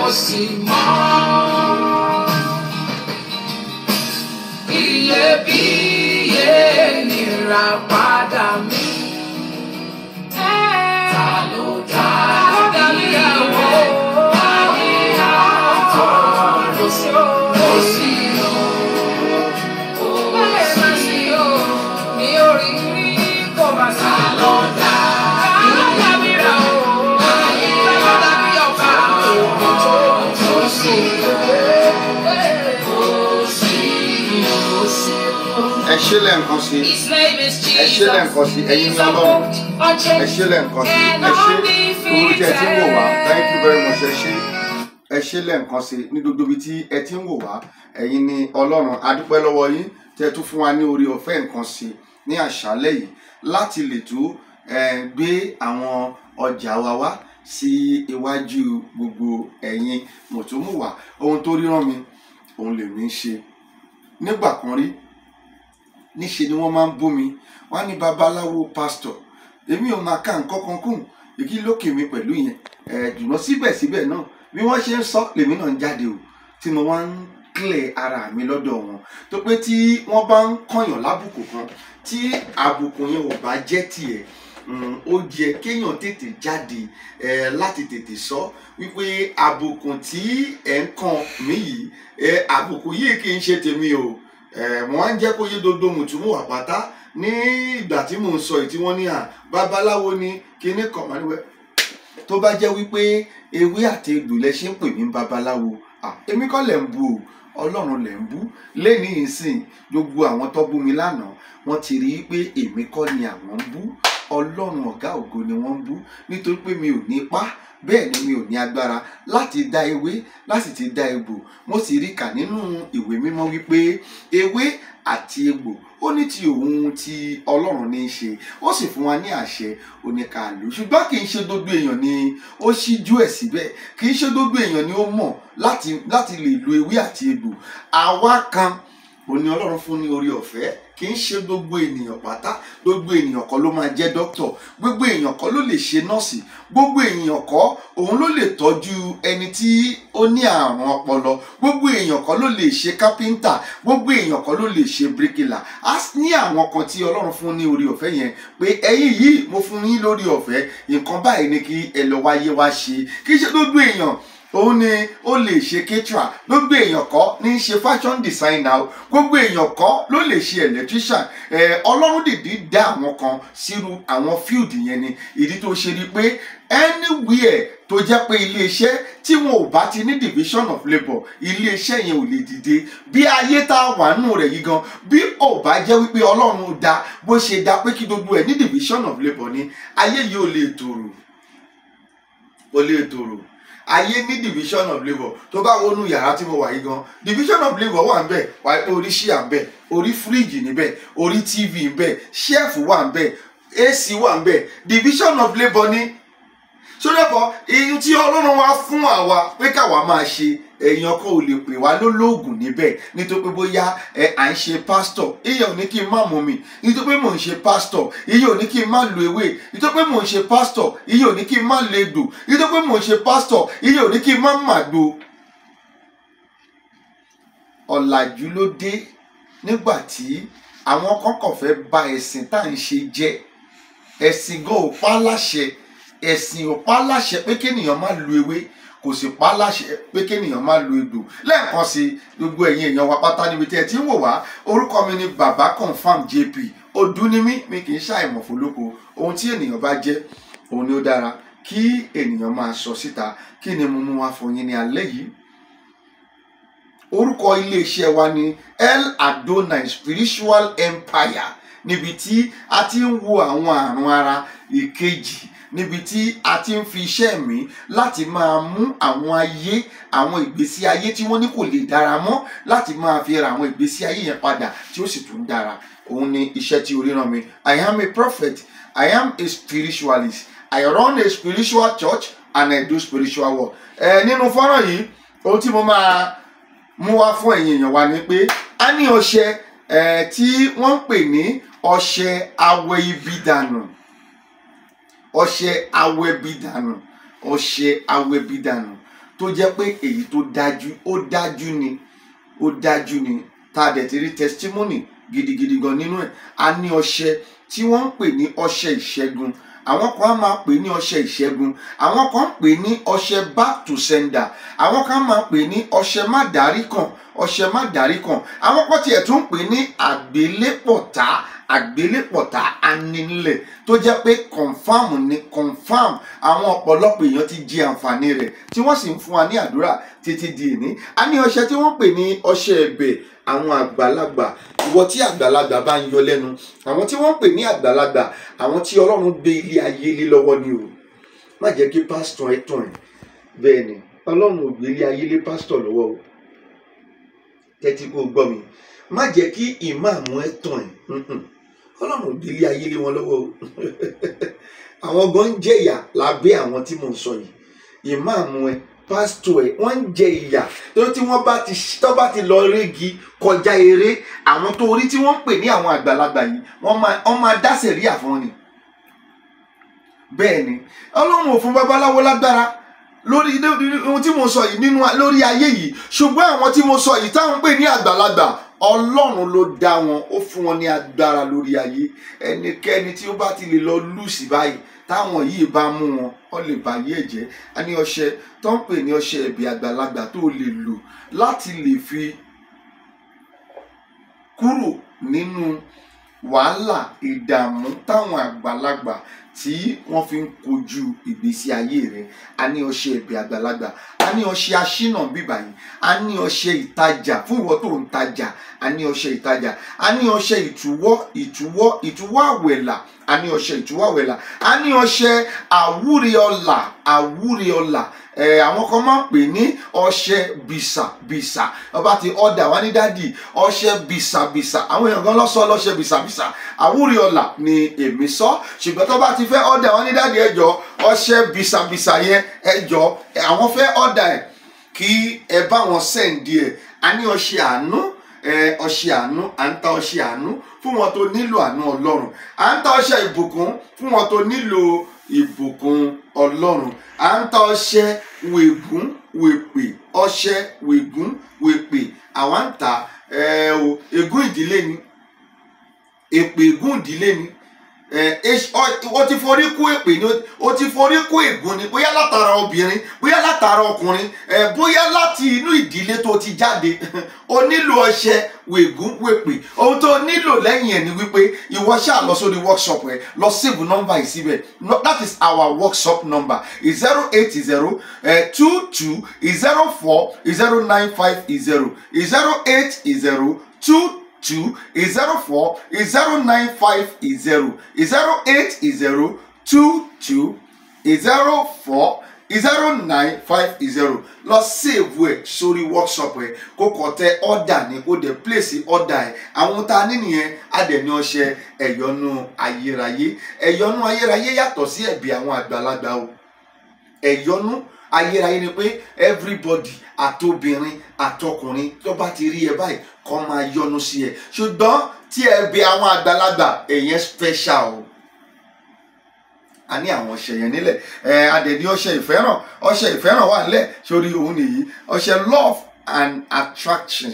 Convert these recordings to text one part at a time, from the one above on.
O Osimão. ṣe lẹ́ǹkan sí ẹ ṣe lẹ́ǹkan sí ẹ̀yin ní ọlọ́run ẹ ṣe lẹ́ǹkan sí ẹ ṣe orí tí ẹ ti ń wò wá thank you very much ẹ ṣe ẹ ṣe lẹ́ǹkan sí ní gbogbo ibi tí ẹ ti ń wò wá ẹ̀yin ní ọlọ́run a dúpẹ́ lọ́wọ́ yín tẹ́ tún fún wa ní orí ọ̀fẹ́ nǹkan sí ní àṣálẹ́ yìí láti lè tún gbé àwọn ọjà wa wá sí iwájú gbogbo ẹ̀yin mọ̀tòmùwà ohun tó ríran mi òun lèmi ń ṣe nígbà kan rí níṣe ni wọ́n máa ń bú mi wọ́n ní babaláwo pásítọ̀ èmi ò máa ka nǹkan kan kùn èyí lókè mi pẹ̀lú yẹn ẹ̀ jùlọ síbẹ̀síbẹ̀ náà bí wọ́n ṣe ń sọ lèmi náà ń jáde o tí mo wá ń clear ara mi lọ́dọ̀ wọn tó pé tí wọ́n bá ń kọ̀yàn lábùkù kan tí àbùkù yẹn ò bá jẹ́ tiẹ̀ mm, ó yẹ kéèyàn tètè jáde láti tètè sọ wípé àbùkù tí ẹ̀ ń kàn mí yìí àbùkù yìí kì í ṣe tèmi o. Eh, mo wá ń jẹ́ kó yé dodo mùtúmù àpáta ní ìgbà tí mò ń sọ yìí wọ́n ní à babaláwo ni kinní kan máa ń wẹ̀ tó bá jẹ́ wípé ewé àti egbò lẹ ṣe ń pè mí babaláwo èmi kọ́ lẹ̀ ń bu o ọlọ́run lẹ̀ ń bú lẹ́ni ìsìn gbogbo àwọn tó bú mi lánàá wọ́n ti rí i pé èmi kọ́ ni àwọn ń bú ọlọ́run ọ̀gá ògo ni wọ́n ń bú nítorí pé mi ò ní pa bẹ́ẹ̀ ni mi ò ní agbára láti dá ewé láti ti dá egbò mo sì rí kà nínú ìwé mímọ́ wípé ewé àti egbò ó ní ti òun ti ọlọ́run ní í ṣe ó sì fún wa ní àṣẹ oníkàlù ṣùgbọ́n kì í ṣe gbogbo èèyàn ni ó ṣíjú ẹ̀ síbẹ̀ kì í ṣe gbogbo èèyàn ni ó mọ̀ láti lè lo ewé àti egbò àwa kan òní ọlọ́run fún ní orí ọ̀fẹ́ kì í ṣe gbogbo ènìyàn pátá gbogbo ènìyàn kọ́ ló máa jẹ́ dókítọ̀ gbogbo ènìyàn kọ́ ló lè ṣe nọ́ọ̀sì gbogbo ènìyàn kọ́ òun ló lè tọ́jú ẹni tí ó ní àrùn ọpọlọ gbogbo èèyàn kọ́ ló lè ṣe kápẹ́ńtà gbogbo èèyàn kọ́ ló lè ṣe bíríkìlà á ní àwọn kan tí ọlọ́run fún ní orí ọ̀fẹ́ yẹn pé ẹ̀yin yìí mo fún yín lórí ọ̀fẹ́ nǹkan báyìí ni kí ẹ lọ wáyé wá ṣe kí ṣe gbogbo èèyàn òun ni ó lè ṣe caterer gbogbo èèyàn kọ́ ní í ṣe fashion designer o gbogbo èèyàn kọ́ ló lè ṣe electrician ọlọ́run dìdí dá àwọn kan sírú àwọn field yẹn ni ìdí tó ṣe ni pé anywhere tó jẹ́ pé iléeṣẹ́ tí wọn ò bá ti ní division of labour iléeṣẹ́ yẹn ò lè dìde bí ayé tá a wà nù rẹ̀ yìí gan bí ò bá jẹ́ wípé ọlọ́run dá bó ṣe dá pé kí gbogbo ẹ̀ ní division of labour ni ayé yìí ò lè tòrò ò lè tòrò ayé ní division of labour tó bá wọnú yàrá tí mo wà yìí gan division of labour wà nbẹ wà orí ṣíà nbẹ orí fíríjì níbẹ̀ orí tv nbẹ ṣẹ́ẹ̀fù wà nbẹ ac wà nbẹ division of labour ní sódẹ́kọ̀ èyí tí ọlọ́run wá fún àwa pé káwa máa ṣe èèyàn kan ò lè pè wá lólóògùn níbẹ̀ nítorí pé bóyá ẹ à ń ṣe pásítọ̀ ìyẹn ò ní kí n má mú mi nítorí pé mò ń ṣe pásítọ̀ ìyẹn ò ní kí n má lo ewé nítorí pé mò ń ṣe pásítọ̀ ìyẹn ò ní kí n má lo èdò nítorí pé mò ń ṣe pásítọ̀ ìyẹn ò ní kí n má màgbo. ọ̀làjú ló dé nígbà tí àwọn kọ́kọ́ fẹ́ bà ẹ̀sìn tá à ń ṣe jẹ́ ẹ̀sìn gan ò pa láṣẹ ẹ̀sìn ò pa láṣẹ pé kéèyàn má lu ewé kò sì pa láṣẹ pé kéèyàn má lu egbò lẹ́ẹ̀kan sí gbogbo ẹ̀yin èèyàn wa pátá níbi tí ẹ ti ń wò wá orúkọ mi ni bàbá confam jp ọdún ni mí mi kì í ṣàìmọ̀ fólóko ohun tí ènìyàn bá jẹ́ òun ni ó dára kí ènìyàn máa sọ síta kí ni mo mú wá fún yín ní alẹ́ yìí orúkọ iléeṣẹ́ wa ni El Adonai Spiritual Empire níbi tí a ti ń wo àwọn àrùn ara ìkejì níbi tí a ti ń fi iṣẹ́ mi láti máa mú àwọn ayé àwọn ìgbésí ayé tí wọ́n ní kò lè dára mọ́ láti máa fi ra àwọn ìgbésí ayé yẹn padà tí ó sì tún dára òun ni iṣẹ́ tí orí mi I am a prophet I am a spiritualist I run a spiritual church and I do spiritual work. ẹ nínú fọ́nrán yìí ohun tí mo máa mú wá fún ẹ̀yin èèyàn wa ni pé a ní ọṣẹ tí wọ́n ń pè ní ọṣẹ awẹ ibi dànù ọṣẹ awẹ́bídànù ọṣẹ awẹ́bídànù tó jẹ́ pé èyí tó dájú ó dájú ni ó dájú ni tá dẹ̀ ti rí testimony gidigidi gan nínú ẹ̀ a ní ọṣẹ tí wọ́n ń pè ní ọṣẹ ìṣẹ́gun àwọn kan á máa pè ní ọṣẹ ìṣẹ́gun àwọn kan pè ní ọṣẹ back to sender àwọn kan máa pè ní ọṣẹ má dárí kan ọṣẹ má dárí kan àwọn kan tiẹ̀ tún pè ní àgbélépọ̀tá àgbélépọ̀tà anílẹ̀ tó jẹ́ pé confam ni confam àwọn ọ̀pọ̀lọpọ̀ èèyàn ti jẹ àǹfààní rẹ̀ tí wọ́n sì ń fún wa ní àdúrà títí di ìní a ní ọṣẹ tí wọ́n pè ní ọṣẹ ẹ̀bẹ̀ àwọn àgbàlagbà ìwọ tí àgbàlagbà bá ń yọ lẹ́nu àwọn tí wọ́n pè ní àgbàlagbà àwọn tí ọlọ́run gbé ilé ayé lé lọ́wọ́ ni o má jẹ́ kí pásítọ̀ ẹ tàn ẹ́ bẹ́ẹ̀ ni ọlọ́run ò gbé ilé ayé lé pásítọ̀ lọ́wọ́ o tẹ́tí kó gbọ́ mi má jẹ́ kí ìmáàmù ẹ tàn ẹ́ ọlọ́run ò délé ayé lé wọn lọ́wọ́ o àwọn gan ń jẹ ìyà lábẹ́ àwọn tí mò ń sọ yìí ìmáàmù ẹ pásítọ̀ ẹ wọ́n ń jẹ ìyà tó tí wọ́n bá ti tó bá ti lọ régi kọjá eré àwọn tó orí tí wọ́n ń pè ní àwọn àgbàlagbà yìí wọ́n máa wọ́n máa dá sẹ̀ríà fún ni bẹ́ẹ̀ ni ọlọ́run ò fún babaláwo lágbára lórí ohun tí mo sọ yìí nínú lórí ayé yìí ṣùgbọ́n àwọn tí mo sọ yìí táwọn ń pè ní àgbàlagbà ọlọ́run ló dá wọn ó fún wọn ní agbára lórí ayé ẹnikẹ́ni tí ó bá ti lè lọ lùsì báyìí táwọn yìí bá mú wọn ó lè báyé ẹ̀jẹ̀ a ní ọṣẹ tó ń pè ní ọṣẹ ẹ̀bì àgbàlagbà tó lè lò láti lè fi kúrò nínú wàhálà ìdààmú táwọn àgbàlagbà tí wọ́n fi ń kojú ìgbésí ayé rẹ̀ a ní ọṣẹ ẹ̀bẹ̀ àgbàlagbà a ní ọṣẹ aṣínà bíbà yìí a ní ọṣẹ ìtajà fún ìwọ tó ń tajà a ní ọṣẹ ìtajà a ní ọṣẹ ìtúwọ́ ìtúwọ́ ìtúwọ́ àwẹ̀là a ní ọṣẹ ìtúwọ́ àwẹ̀là a ní ọṣẹ àwúre ọlà àwúre ọlà àwọn kan máa ń pè ní ọṣẹ bìsàbìsà ọba ti ọdà wá ní dádì ọṣẹ bìsàbìsà àwọn èèyàn gan lọ sọ lọṣẹ bìsàbìsà àwúre ọlà ni èmi sọ ṣùgbọ́n tó bá ti ti fẹ́ ọ̀dà wọn ní dáàdi ẹjọ́ ọṣẹ bisabisa yẹn ẹjọ́ àwọn fẹ́ ọ̀dà ẹ̀ kí ẹ bá wọn sẹ́ǹdì ẹ̀ a ní ọṣẹ àánú ọṣẹ àánú à ń ta ọṣẹ àánú fún wọn tó nílò àánú ọlọ́run à ń ta ọṣẹ ìbùkún fún wọn tó nílò ìbùkún ọlọ́run à ń ta ọṣẹ wègún wèpè ọṣẹ wègún wèpè àwa ń ta ẹ o ègún ìdílé ni èpè ègún ìdílé ni ó eh, ti forí kú èpè ni ó ti forí kú ègún ni bóyá látara obìnrin bóyá látara ọkùnrin bóyá láti inú ìdílé tó ti jáde ó nílò ọṣẹ wègún wèpè ohun tó nílò lẹ́yìn ẹ̀ ni wípé ìwọ ṣáà lọ sórí workshop ẹ lọ save number yìí síbẹ̀ that is our workshop number Is zero eight zero two two zero four zero nine five zero is zero eight zero two two is zero four is zero nine five is zero is zero eight is zero two two is zero four zero nine five zero lọ sèwú ẹ sórí workshop ẹ kó kọ tẹ ọdà ní kó dẹ pléèsì ọdà ẹ àwọn tá a ní nìyẹn adẹni ọṣẹ ẹyọnu ayérayé ẹyọnu ayérayé yàtọ̀ sí ẹ̀bi àwọn àgbàlagbà o ẹyọnu ayérayé ni pé everybody àtobìnrin àtọkùnrin tó bá ti rí ẹ báyìí kó máa yọ́nú sí ẹ ṣùgbọ́n tí ẹ bẹ àwọn àgbàlagbà èyẹn special o a ní àwọn ọṣẹ yẹn nílẹ̀ ẹ adẹni ọṣẹ ìfẹ́ràn ọṣẹ ìfẹ́ràn wà nílẹ̀ sórí òun nìyí ọṣẹ love and attraction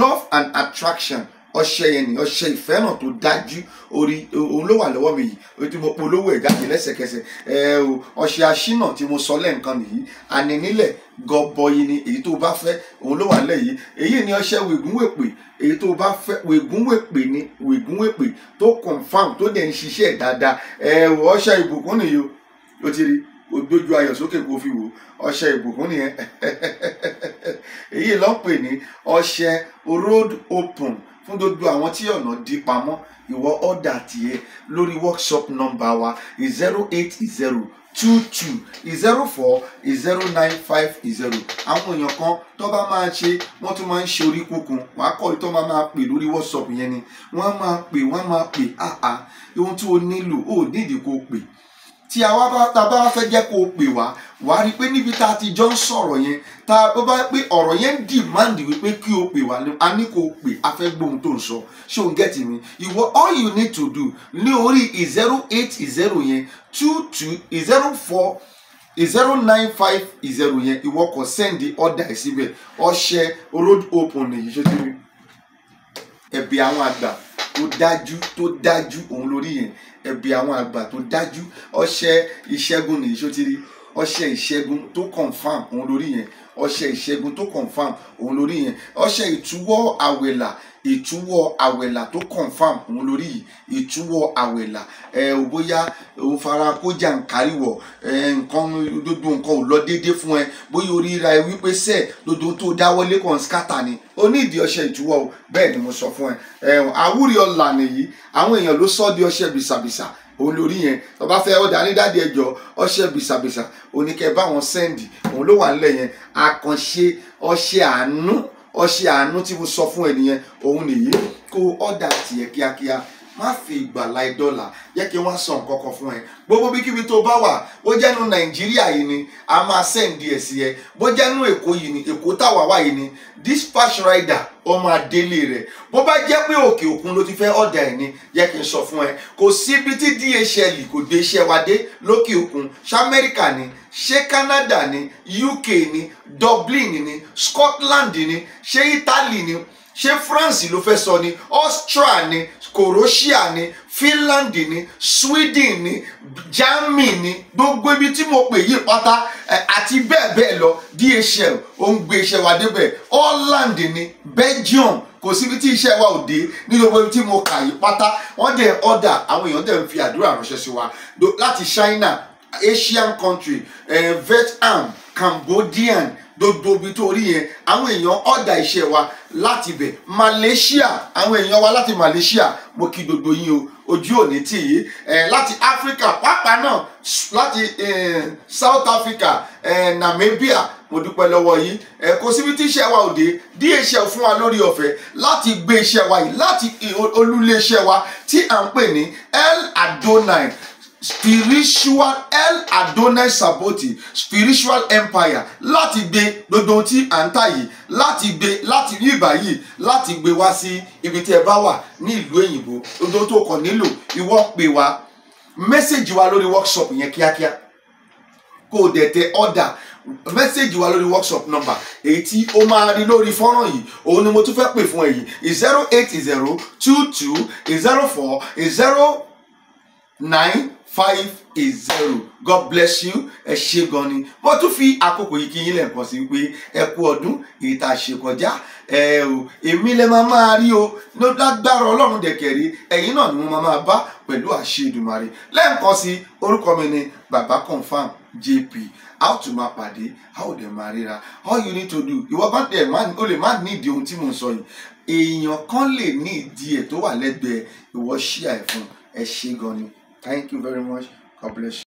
love and attraction ọṣẹ yẹn ni ọṣẹ ìfẹ́ náà tó dájú orí òun ló wà lọ́wọ́ mi yìí orí tí mo polówó ẹ̀ jáde lẹ́sẹ̀kẹsẹ̀ ẹ o ọṣẹ aṣínà tí mo sọ lẹ́ǹkan nìyí àní nílẹ̀ gọbọyì ni èyí tó bá fẹ́ òun ló wà nílẹ̀ yìí èyí ni ọṣẹ wègúnwèpè èyí tó bá fẹ́ wègúnwèpè ni wègúnwèpè tó confam tó dẹ̀ ń ṣiṣẹ́ dáadáa ẹ o ọṣẹ ìbùkún nìyí o ti rí o gbójú ayọ̀ sókè kó fi wò ọṣẹ ìbùkún nìyẹn èyí ló ń pè ní ọṣẹ road open fún gbogbo àwọn tí ọ̀nà di pamọ́ ìwọ ọ̀dà tiẹ̀ lórí workshop number wa zero eight zero two two zero four zero nine five zero àwọn èèyàn kan tó bá máa ṣe wọ́n tún máa ń ṣe orí kúnkún wàá kọ́ ìtọ́ máa máa pè lórí workshop yẹn ni wọ́n máa pè wọ́n máa pè áà ah, ah, ohun tí o nílò ó nídìí kó o pè tí a wá bá ta bá fẹ́ jẹ́ kó o pè wá wàá rí i pé níbi tá a ti jọ ń sọ̀rọ̀ yẹn tá a bá pé ọ̀rọ̀ yẹn ń dìmáàndì wípé kí o pè wá a ní kó o pè a fẹ́ gbóhun tó ń sọ ṣé o ń gẹ́tì mi ìwọ all you need to do ní orí zero eight zero yẹn two two zero four zero nine five zero yẹn ìwọ kò sẹ́ndì ọ̀dà ìsíbẹ̀ ọṣẹ road open nìyí ṣé tí ẹ̀bì àwọn àgbà tó dájú tó dájú òun lórí yẹn ẹ̀bi àwọn àgbà tó dájú ọṣẹ ìṣẹ́gun nìyí ṣó ọṣẹ ìṣẹ́gun tó confam òun lórí yẹn ọṣẹ ìṣẹ́gun tó confam òun lórí yẹn ọṣẹ ìtúwọ́ àwẹ̀là ìtúwọ́ àwẹ̀là tó confam òun lórí yìí ìtúwọ́ àwẹ̀là ẹ ò bóyá ò fara kójà nkárí wọ̀ ẹ nǹkan gbogbo nǹkan ò lọ déédé fún ẹ bóyá orí ra ẹ wípé sẹ́ẹ̀ dodo tó dáwọ́lé kan skátà ni ó ní ìdí ọṣẹ ìtúwọ́ o bẹ́ẹ̀ ni mo sọ fún ẹ ẹ àwúrí ọ̀là nìyí àwọn èèyàn ló sọ di ọṣẹ bìsàbìsà òun lórí yẹn tọba fẹ́ ọ̀dà nídàdí ẹjọ́ ọṣẹ bìsàbìsà oníkẹ́ báwọn sẹ́ndì òun ló wà nílẹ̀ yẹn àkànṣe ọṣẹ àánú ọṣẹ àánú tí mo sọ fún ẹ nìyẹn òun nìyí kó ọ̀dà tiẹ̀ kíákíá má fi ìgbàlà ìdọ́là jẹ́ kí wọ́n sọ nǹkan kan fún ẹ gbogbo bí kíbi tó bá wà bó jẹ́nu nàìjíríà yìí ni a máa sẹ́ǹdì ẹ̀ sí ẹ bó jẹ́nu èkó yìí ni èkó táwa wà yìí ni dispatch rider ó máa délé rẹ̀ bó bá jẹ́ pé òkè òkun ló ti fẹ́ ọ̀dà ẹ̀ ni jẹ́ kí n sọ fún ẹ kò síbi tí DHL kò gbé iṣẹ́ wa dé lókè òkun ṣamẹ́ríkà ni ṣé Canada ni UK ni Dublin ni Scotland ni ṣé Italy ni ṣé France ló fẹ́ sọ ni Austria ni Croatia ni Finland ni Sweden ni Germany ni gbogbo ibi tí mo pè yí pátá àti bẹ́ẹ̀ bẹ́ẹ̀ lọ DHL ó ń gbé iṣẹ́ wa débẹ̀ Holland ni Belgium kò síbi tí iṣẹ́ wa ò dé nínú gbogbo tí mo kà yí pátá wọ́n dẹ̀ ọ̀dà àwọn èèyàn dẹ̀ ń fi àdúrà ránṣẹ́ sí wa láti China Asian country Vietnam Cambodian gbogbo ibi tó rí yẹn àwọn èèyàn ọ̀dà iṣẹ́ wa láti bẹ̀ Malaysia àwọn èèyàn wa láti Malaysia mo kí gbogbo yín o ojú òní tì yí eh, láti Africa pàápàá náà láti eh, South Africa eh, Namibia mo dúpẹ́ lọ́wọ́ yín kò síbi tí iṣẹ́ wa òde DHL fún wa lórí ọ̀fẹ́ láti gbé iṣẹ́ wa yìí láti olúléeṣẹ́ wa tí à ń pè ní El Adonai spiritual el adonai saboti spiritual empire láti gbé gbogbo ohun tí à ń tà yìí láti gbé láti ní ìbá yìí láti gbé wá sí ibi tí ẹ bá wà ní ìlú èyìnbó gbogbo tó kàn nílò ìwọ pè wá mẹ́sẹ̀gì wa lórí workshop yẹn kíákíá kó o dẹ̀ tẹ order mẹ́sẹ̀gì wa lórí workshop number èyí tí o máa rí lórí fọ́nrán yìí òun ni mo tún fẹ́ pè fún ẹ yìí zero eight zero two two zero four zero nine five eight zero god bless you ẹ ṣe gan ni mo tún fi àkókò yìí kí yín lẹ́ẹ̀kan sí wípé ẹ kú ọdún èyí tá ẹ o èmi lẹ máa máa rí o ló dágbára ọlọ́run dẹ̀kẹ̀rí ẹ̀yin náà ni mo máa máa bá pẹ̀lú àṣẹ Èdùmàrè lẹ́ẹ̀kan sí orúkọ mi ni baba confam jp how to tún máa pàdé a ó máa ríra all you need to do ìwọ bá dẹ̀ o lè má nídìí ohun tí mo sọ yìí èèyàn kan lè ní ìdí ẹ̀ tó wà lẹ́gbẹ̀ẹ́ ìwọ ṣíà ẹ̀ fún ẹ ṣe gan ni Thank you very much. God bless you.